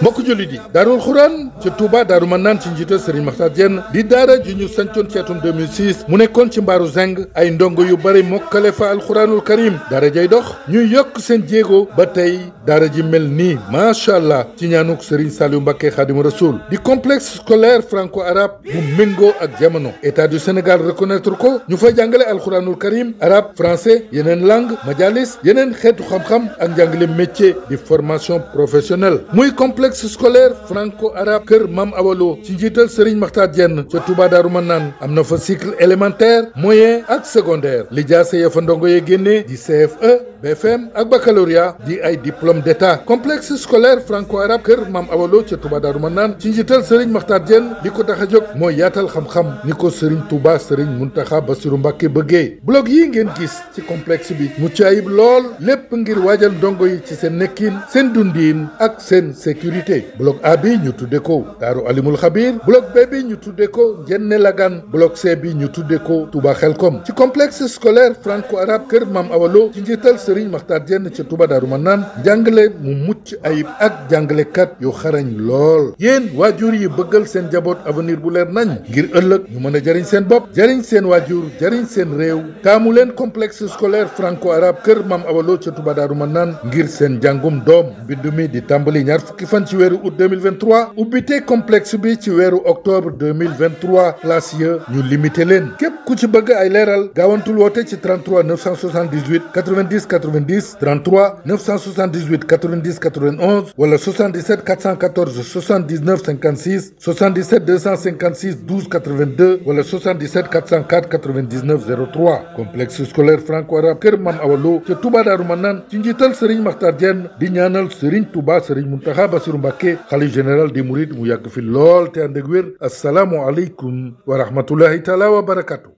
mbokk jullit yi daarul xuraan ca Touba daaru mën naan ci njiital Serigne Makhtar Diène di daara ji ñu sancoon ci atum 2006 mu nekkoon ci mbaaru zeng ay ndongo yu bëri mokkale fa alxuraanul karim daara jay dox ñuy yokk seen jéego ba tey daara ji mel nii macha allah ci ñaanuk Serigne Saliou Mbacké Khadimou Rassoul di complexe scolaire franco arabe bu méngoo ak jamono état du Sénégal reconnaître ko ñu fay jàngale alxuraanul karim arabe français yeneen langue majalis yeneen xeetu xam njàngale métier di formation professionnelle muy complexe scolaire franco arabe kër Mam Awalo ci njiital Serigne Makhtar Diène ca Touba Darou Manane am na fa cycle élémentaire moyen ak secondaire li jaase ya fa ndongo yee génnee di CFE BFM ak baccalauréat di ay diplôme d'état complexe scolaire franco arabe kër Mam Awalo ca Touba naan ci njiital Serigne Makhtar Diène di ko tax a jóg mooy yaatal xam-xam ni ko Serigne Touba Serigne Mountakha Bassirou Mbacké bëggee blog yi ngeen gis ci complexe bi mucc ayib ndongo yi ci seen nekkin seen dundiin ak seen sécurité bloc A bi ñu tudde ko Daaru Alimul Xabir bloc B bi ñu tudde ko Njenne Lagan bloc C bi ñu tudde ko Touba Xelkom ci complexe scolaire franco-arabe kër Maam Awa Lo ci njiital Serigne Makhtar Diène ca Touba Daaru naan njàngale mu mucc ayib ak jàngalekat yu xarañ lool yéen waajur yi bëggal seen jaboot avenir bu leer nañ ngir ëllëg ñu mën a jëriñ seen bopp jëriñ seen waajur jëriñ seen réew taamu leen complexe scolaire franco kër Maam Awa Lo ca Touba ngir seen njàngum doom mbindu mi di tàmbali ñaar fukki fan ci weeru août 2023 ubbite complexe bi ci weeru octobre 2023 classe ya ñu limité leen képp ku ci bëgg ay leeral gaawantul woote ci 33 978 90 90 33 978 90 91 wala 77 414 79 56 77 256 12 82 scolaire franco-arabe Kër Mam Awalo ca Touba Darou Manane ci njiital Serigne Makhtar Diène di ñaanal Serigne Touba Serigne Mountakha Bassirou Mbacké xalif général des Mourides mu yàgg fi lool te ànd ak wér asalaamualeykum wa rahmatullahi taala wa barakatu